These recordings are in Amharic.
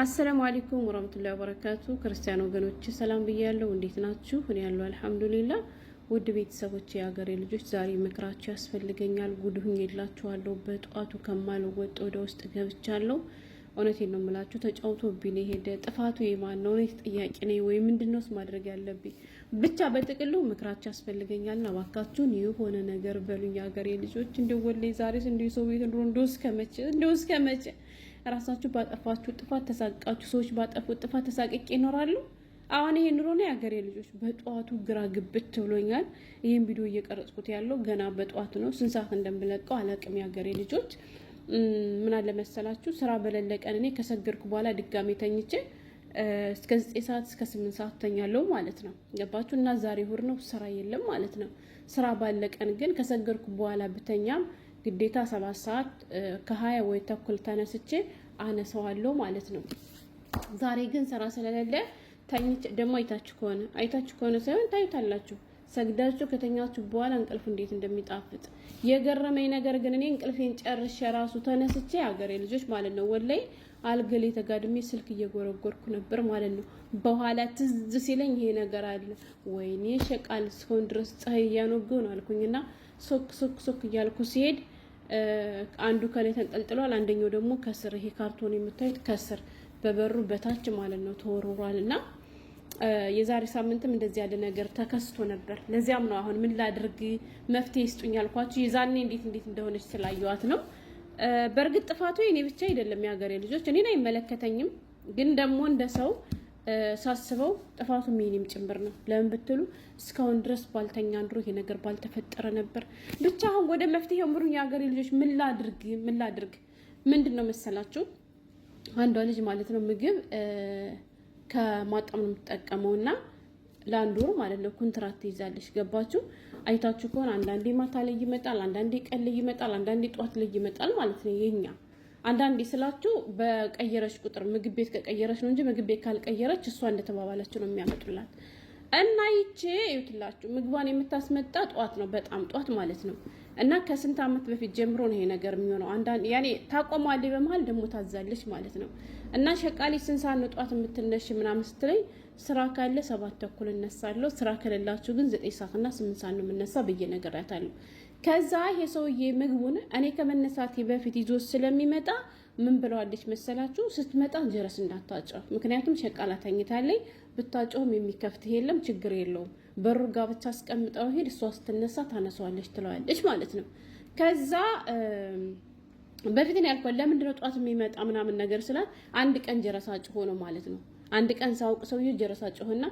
አሰላሙ አለይኩም ወራህመቱላሂ ወበረካቱ። ክርስቲያን ወገኖች ሰላም ብያለሁ። እንዴት ናችሁ? እኔ ያለው አልሐምዱሊላ። ውድ ቤተሰቦች፣ የሀገሬ ልጆች ዛሬ ምክራችሁ ያስፈልገኛል። ጉድሁኝ የላችኋለሁ። በጠዋቱ ከማልወጥ ወደ ውስጥ ገብቻለሁ። እውነቴን ነው የምላችሁ። ተጫውቶብኝ የሄደ ጥፋቱ የማን ነው? እኔ ጥያቄ ነኝ ወይ ምንድነውስ ማድረግ ያለብኝ? ብቻ በጥቅሉ ምክራችሁ ያስፈልገኛል እና እባካችሁን የሆነ ነገር በሉኝ። የሀገሬ ልጆች እንደወለይ ዛሬስ እንደ ሰው ቤት እንደ እስከመቼ እንደ እስከመቼ ራሳችሁ ባጠፋችሁ ጥፋት ተሳቃችሁ ሰዎች ባጠፉት ጥፋት ተሳቅቄ ይኖራሉ። አሁን ይሄ ኑሮ ነው የሀገሬ ልጆች። በጠዋቱ ግራ ግብት ብሎኛል። ይህን ቪዲዮ እየቀረጽኩት ያለው ገና በጠዋት ነው። ስንት ሰዓት እንደምለቀው አላቅም። የሀገሬ ልጆች ምን መሰላችሁ፣ ስራ በሌለ ቀን እኔ ከሰገድኩ በኋላ ድጋሜ ተኝቼ እስከ ዘጠኝ ሰዓት እስከ ስምንት ሰዓት ተኛለው ማለት ነው። ገባችሁ? እና ዛሬ እሑድ ነው፣ ስራ የለም ማለት ነው። ስራ ባለ ቀን ግን ከሰገርኩ በኋላ ብተኛም ግዴታ ሰባት ሰዓት ከሀያ ወይ ተኩል ተነስቼ አነሰዋለሁ ማለት ነው። ዛሬ ግን ስራ ስለሌለ ተኝቼ ደግሞ አይታችሁ ከሆነ አይታችሁ ከሆነ ሳይሆን ታዩታላችሁ። ሰግዳችሁ ከተኛችሁ በኋላ እንቅልፍ እንዴት እንደሚጣፍጥ የገረመኝ ነገር ግን እኔ እንቅልፌን ጨርሼ ራሱ ተነስቼ አገሬ ልጆች ማለት ነው ወላይ አልገል ተጋድሜ ስልክ እየጎረጎርኩ ነበር ማለት ነው። በኋላ ትዝ ሲለኝ ይሄ ነገር አለ ወይኔ ሸቃል እስከሆን ድረስ ፀሐይ እያኖገው ነው አልኩኝና ሶክ ሶክ ሶክ እያልኩ ሲሄድ አንዱ ከላይ ተንጠልጥሏል፣ አንደኛው ደግሞ ከስር ይሄ ካርቶን የምታዩት ከስር በበሩ በታች ማለት ነው ተወርውሯል። እና የዛሬ ሳምንትም እንደዚህ ያለ ነገር ተከስቶ ነበር። ለዚያም ነው አሁን ምን ላድርግ መፍትሄ ይስጡኝ ያልኳቸው። የዛኔ እንዴት እንዴት እንደሆነች ስላየዋት ነው። በእርግጥ ጥፋቱ የኔ ብቻ አይደለም፣ የሀገሬ ልጆች እኔን አይመለከተኝም። ግን ደግሞ እንደ ሰው ሳስበው ጥፋቱ ሚኒም ጭምር ነው። ለምን ብትሉ እስካሁን ድረስ ባልተኛ አንድሮ ይሄ ነገር ባልተፈጠረ ነበር። ብቻ አሁን ወደ መፍትሄ ምሩኝ የሀገሬ ልጆች። ምን ላድርግ ምን ላድርግ? ምንድን ነው መሰላችሁ አንዷ ልጅ ማለት ነው ምግብ ከማጣም ነው የምትጠቀመው እና ለአንድ ወር ማለት ነው ኮንትራት ትይዛለች። ገባችሁ? አይታችሁ ከሆነ አንዳንዴ ማታ ላይ ይመጣል፣ አንዳንዴ ቀን ላይ ይመጣል፣ አንዳንዴ ጠዋት ላይ ይመጣል ማለት ነው የኛ አንዳንዴ ስላችሁ በቀየረች ቁጥር ምግብ ቤት ከቀየረች ነው እንጂ ምግብ ቤት ካልቀየረች እሷ እንደተባባለች ነው የሚያመጡላት። እና ይቼ ይውትላችሁ ምግቧን የምታስመጣ ጠዋት ነው፣ በጣም ጠዋት ማለት ነው። እና ከስንት ዓመት በፊት ጀምሮ ነው ይሄ ነገር የሚሆነው። አንዳንድ ያኔ ታቆማለች፣ በመሀል ደግሞ ታዛለች ማለት ነው። እና ሸቃሊ ስንት ሰዓት ነው ጠዋት የምትነሽ ምናምን ስትለኝ ስራ ካለ ሰባት ተኩል እነሳለሁ፣ ስራ ከሌላችሁ ግን ዘጠኝ ሰዓትና ስምንት ሰዓት ነው የምነሳ ብዬ ነገራታለሁ። ከዛ ይሄ ሰውዬ ምግቡን እኔ ከመነሳቴ በፊት ይዞ ስለሚመጣ ምን ብለዋለች መሰላችሁ? ስትመጣ ጀረስ እንዳታጨው፣ ምክንያቱም ሸቃላ ተኝታለኝ። ብታጨውም የሚከፍት የለም ችግር የለውም። በሩ ጋ ብቻ አስቀምጠው ሄድ፣ እሷ ስትነሳ ታነሳዋለች ትለዋለች ማለት ነው። ከዛ በፊት ነው ያልኳት፣ ለምንድነው ጠዋት የሚመጣ ምናምን ነገር ስላት፣ አንድ ቀን ጀረሳ ጭሆ ነው ማለት ነው። አንድ ቀን ሳውቅ ሰውዬው ጀረሳ ጭሆና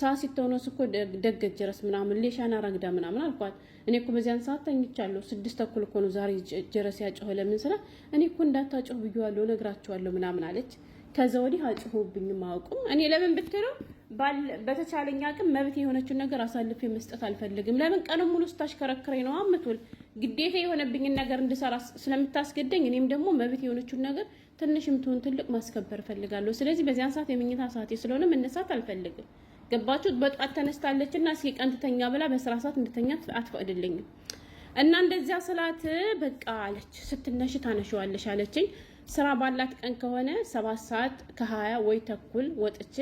ሰዓት ሲተውነስ እኮ ደገች ረስ ምናምን ሌሻና ረግዳ ምናምን አልኳት። እኔ እኮ በዚያን ሰዓት ተኝቻለሁ። ስድስት ተኩል እኮ ነው ዛሬ ጀረስ ያጮኸ ለምን ስላ እኔ እኮ እንዳታጮህ ብዬዋለሁ፣ ነግራቸዋለሁ ምናምን አለች። ከዛ ወዲህ አጮኸብኝም አያውቁም። እኔ ለምን ብትለው በተቻለኛ አቅም መብት የሆነችውን ነገር አሳልፌ መስጠት አልፈልግም። ለምን ቀኑን ሙሉ ስታሽከረክረኝ ነው አምትውል ግዴታ የሆነብኝን ነገር እንድሰራ ስለምታስገደኝ እኔም ደግሞ መብት የሆነችውን ነገር ትንሽም ትሁን ትልቅ ማስከበር እፈልጋለሁ። ስለዚህ በዚያን ሰዓት የምኝታ ሰዓቴ ስለሆነ መነሳት አልፈልግም። ገባችሁ? በጧት ተነስታለች እና እስኪ ቀን ትተኛ ብላ በስራ ሰዓት እንድተኛ አትፈቅድልኝም እና እንደዚያ ስላት በቃ አለች። ስትነሽ ታነሸዋለሽ አለችኝ። ስራ ባላት ቀን ከሆነ ሰባት ሰዓት ከሀያ ወይ ተኩል ወጥቼ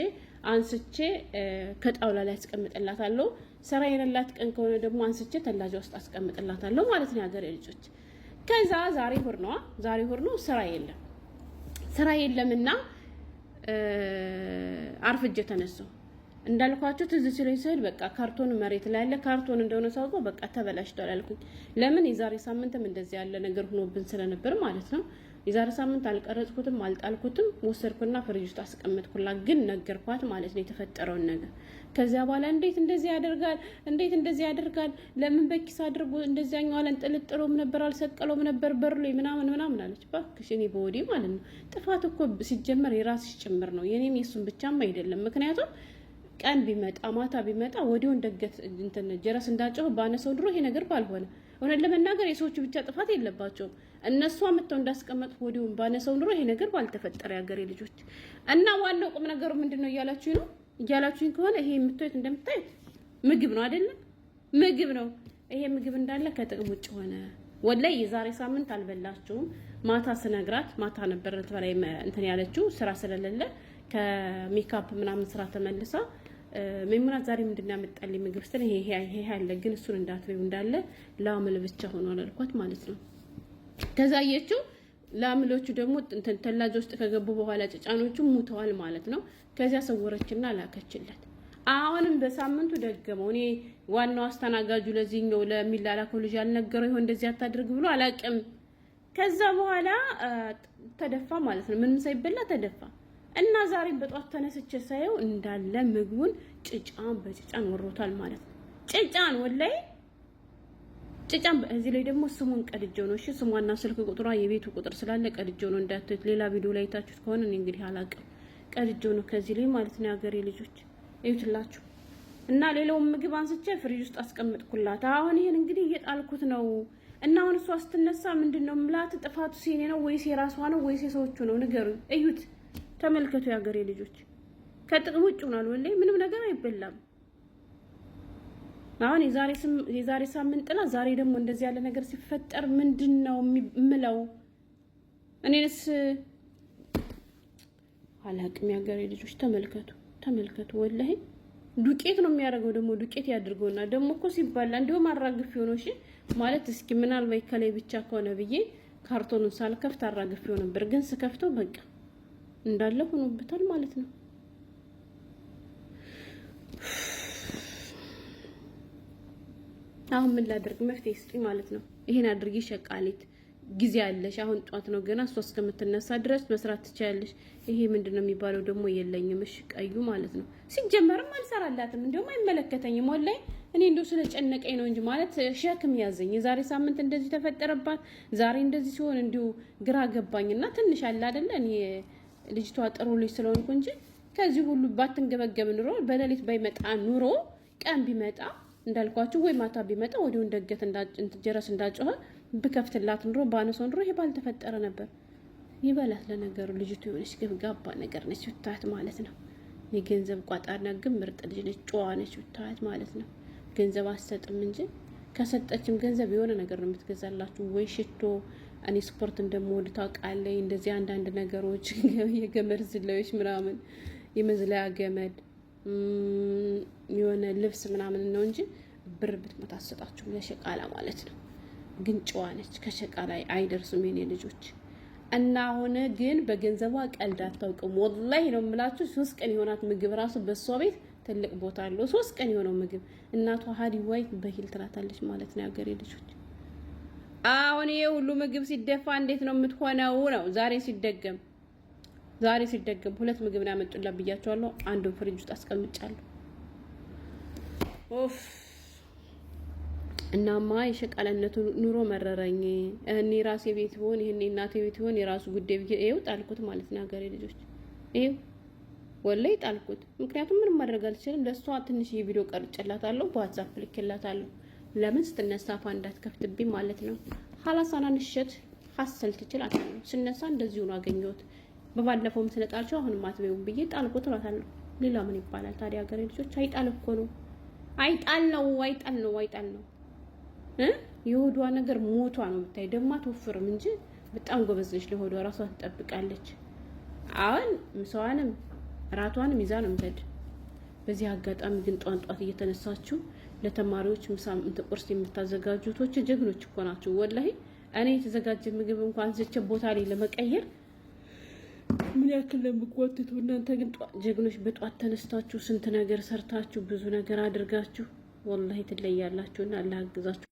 አንስቼ ከጣውላ ላይ አስቀምጥላታለሁ። ስራ የሌላት ቀን ከሆነ ደግሞ አንስቼ ተላጃ ውስጥ አስቀምጥላታለሁ ማለት ነው የሀገሬ ልጆች። ከዛ ዛሬ ሁር ነዋ፣ ዛሬ ሁር ነው፣ ስራ የለም ስራ የለምና አርፍጄ ተነሳሁ። እንዳልኳቸው ትዝ ሲለኝ ስል በቃ ካርቶን መሬት ላይ ያለ ካርቶን እንደሆነ ሳውቀው በቃ ተበላሽቷል አልኩኝ። ለምን የዛሬ ሳምንትም እንደዚህ ያለ ነገር ሆኖብን ስለነበር ማለት ነው የዛሬ ሳምንት አልቀረጽኩትም፣ አልጣልኩትም። ወሰድኩና ፍሪጅ ውስጥ አስቀመጥኩላት። ግን ነገርኳት ማለት ነው የተፈጠረውን ነገር። ከዚያ በኋላ እንዴት እንደዚህ ያደርጋል? እንዴት እንደዚህ ያደርጋል? ለምን በኪስ አድርጎ እንደዚያኛው አለን ጥልጥሎም ነበር አልሰቀለውም ነበር በርሎ ምናምን ምናምን አለች። እባክሽ እኔ በወዴ ማለት ነው ጥፋት እኮ ሲጀመር የራስሽ ጭምር ነው የኔም የሱን ብቻም አይደለም። ምክንያቱም ቀን ቢመጣ ማታ ቢመጣ ወዲያው እንደገት እንትን ጀረስ እንዳጨሁ ባነሰው ድሮ ይሄ ነገር ባልሆነ እውነት ለመናገር የሰዎቹ ብቻ ጥፋት የለባቸውም። እነሱ አመጣው እንዳስቀመጥ ወዲሁም ባነሰው ኑሮ ይሄ ነገር ባልተፈጠረ ያገሬ ልጆች። እና ዋናው ቁም ነገሩ ምንድነው እያላችሁ ነው እያላችሁኝ ከሆነ ይሄ የምታዩት እንደምታዩት ምግብ ነው አይደለም? ምግብ ነው። ይሄ ምግብ እንዳለ ከጥቅም ውጭ ሆነ። ወላይ የዛሬ ሳምንት አልበላችሁም። ማታ ስነግራት ማታ ነበር በላይ እንትን ያለችው ስራ ስለሌለ ከሜካፕ ምናምን ስራ ተመልሳ ሜሙናት ዛሬ ምንድን ነው ያመጣልኝ ምግብ ስትል ይሄ ይሄ ያለ ግን እሱን እንዳትበይው እንዳለ ላምል ብቻ ሆኖ አላልኳት ማለት ነው። ከዛ ላምሎቹ ደግሞ ተላጅ ውስጥ ከገቡ በኋላ ጭጫኖቹ ሙተዋል ማለት ነው። ከዚያ ሰወረችና ላከችለት። አሁንም በሳምንቱ ደገመው። እኔ ዋናው አስተናጋጁ ለዚህኛው ለሚላላከው ልጅ ያልነገረው ይሆን እንደዚህ አታድርግ ብሎ አላቅም። ከዛ በኋላ ተደፋ ማለት ነው። ምንም ሳይበላ ተደፋ እና ዛሬ በጧት ተነስቼ ሳየው እንዳለ ምግቡን ጭጫን በጭጫን ወሮታል ማለት ነው። ጭጫን ወላይ ጭጫም እዚህ ላይ ደግሞ ስሙን ቀድጀው ነው። እሺ ስሟና ስልክ ቁጥሯ የቤቱ ቁጥር ስላለ ቀድጀው ነው እንዳትት። ሌላ ቪዲዮ ላይ ታችሁት ከሆነ እኔ እንግዲህ አላቅም። ቀድጀው ነው ከዚህ ላይ ማለት ነው። የሀገሬ ልጆች እዩትላችሁ እና ሌላውን ምግብ አንስቼ ፍሪጅ ውስጥ አስቀምጥኩላት። አሁን ይሄን እንግዲህ እየጣልኩት ነው እና አሁን እሷ ስትነሳ ምንድን ነው ምላት? ጥፋቱ ሲኔ ነው ወይስ የራሷ ነው ወይስ የሰዎቹ ነው? ንገሩኝ። እዩት፣ ተመልከቱ የሀገሬ ልጆች። ከጥቅም ውጭ ሆኗል። ወላሂ ምንም ነገር አይበላም። አሁን የዛሬ ሳምንት ጥላ ዛሬ ደግሞ እንደዚህ ያለ ነገር ሲፈጠር ምንድን ነው የምለው? እኔንስ አላቅም። የሀገሬ ልጆች ተመልከቱ፣ ተመልከቱ። ወላሂ ዱቄት ነው የሚያደርገው። ደግሞ ዱቄት ያድርገውና ደግሞ እኮ ሲባላ እንዲሁም አራግፍ ሆኖ እሺ ማለት እስኪ ምናልባት ከላይ ብቻ ከሆነ ብዬ ካርቶኑን ሳልከፍት አራግፍ ነበር፣ ግን ስከፍተው በቃ እንዳለ ሆኖበታል ማለት ነው። አሁን ምን ላደርግ መፍትሄ ስጡኝ ማለት ነው። ይሄን አድርጊ ሸቃሊት ጊዜ አለሽ። አሁን ጧት ነው ገና እሷ እስከምትነሳ ድረስ መስራት ትችያለሽ። ይሄ ምንድን ነው የሚባለው ደግሞ የለኝም። እሺ ቀዩ ማለት ነው። ሲጀመርም አልሰራላትም፣ እንዲሁም አይመለከተኝም። ወላይ እኔ እንደው ስለጨነቀኝ ነው እንጂ ማለት ሸክም ያዘኝ። የዛሬ ሳምንት እንደዚህ ተፈጠረባት፣ ዛሬ እንደዚህ ሲሆን እንዲሁ ግራ ገባኝና ትንሽ አለ አይደለ እኔ ልጅቷ ጥሩ ልጅ ስለሆንኩ እንጂ ከዚህ ሁሉ ባትንገበገብ ኑሮ በሌሊት ባይመጣ ኑሮ ቀን ቢመጣ እንዳልኳችሁ ወይ ማታ ቢመጣ ወዲሁ እንደገት ጀረስ እንዳጮኸ ብከፍትላት ኑሮ በአነሰው ኑሮ ይሄ ባልተፈጠረ ነበር። ይበላት። ለነገሩ ልጅቱ የሆነች ግብጋባ ነገር ነች ብታያት ማለት ነው። የገንዘብ ቋጣና ግን ምርጥ ልጅ ነች፣ ጨዋ ነች ብታያት ማለት ነው። ገንዘብ አትሰጥም እንጂ ከሰጠችም ገንዘብ የሆነ ነገር ነው የምትገዛላችሁ፣ ወይ ሽቶ። እኔ ስፖርት እንደምወድ ታውቃለች። እንደዚህ አንዳንድ ነገሮች የገመድ ዝላዮች ምናምን የመዝለያ ገመድ የሆነ ልብስ ምናምን ነው እንጂ ብር ብትሞት አትሰጣችሁም፣ ለሸቃላ ማለት ነው። ግን ጨዋ ነች፣ ከሸቃላ አይደርሱም የኔ ልጆች። እና አሁን ግን በገንዘቧ ቀልድ አታውቅም። ወላሂ ነው የምላችሁ። ሶስት ቀን የሆናት ምግብ ራሱ በእሷ ቤት ትልቅ ቦታ አለው። ሶስት ቀን የሆነው ምግብ እናቷ ሀዲ ወይ በሂል ትላታለች ማለት ነው ያገሬ ልጆች። አሁን ይሄ ሁሉ ምግብ ሲደፋ እንዴት ነው የምትሆነው? ነው ዛሬ ሲደገም ዛሬ ሲደገም ሁለት ምግብ ነው ያመጡላት ብያቸዋለሁ። አንዱን ፍሪጅ ውስጥ አስቀምጫለሁ። ኦፍ እናማ የሸቃለነቱ ኑሮ መረረኝ። እኔ ራሴ ቤት ሆን ይህን እናቴ ቤት ሆን የራሱ ጉዳይ ብዬ ይኸው ጣልኩት ማለት ነው። ሀገሬ ልጆች ይኸው ወላይ ጣልኩት። ምክንያቱም ምንም ማድረግ አልችልም። ለእሷ ትንሽ የቪዲዮ ቀርጬላታለሁ፣ በዋትሳፕ ልኬላታለሁ። ለምን ስትነሳ ፋ እንዳትከፍትብኝ ማለት ነው። ሀላሳናን እሸት ሀሰል ትችል አለ ስነሳ እንደዚሁ ነው አገኘሁት። በባለፈውም ስለጣልሽው አሁንም አትበይውም ብዬ ጣልኩ ትሏታለሁ። ሌላ ምን ይባላል ታዲያ? ሀገሬ ልጆች አይጣል እኮ ነው። አይጣል ነው፣ አይጣል ነው፣ አይጣል ነው። የሆዷ ነገር ሞቷ ነው። ብታይ ደግሞ አትወፍርም እንጂ በጣም ጎበዝ ነች። ለሆዷ ራሷ ትጠብቃለች። አሁን ምሳዋንም እራቷንም ይዛ ነው የምትሄድ። በዚህ አጋጣሚ ግን ጧን ጧት እየተነሳችሁ ለተማሪዎች ምሳ እንትን ቁርስ የምታዘጋጁቶች ጀግኖች እኮ ናችሁ። ወላሂ እኔ የተዘጋጀ ምግብ እንኳን ስቼ ቦታ ላይ ለመቀየር ምን ያክል ለምጓትቱ እናንተ ግን ጀግኖች፣ በጧት ተነስታችሁ ስንት ነገር ሰርታችሁ ብዙ ነገር አድርጋችሁ ወላሂ ትለያላችሁና አላህ አግዛችሁ።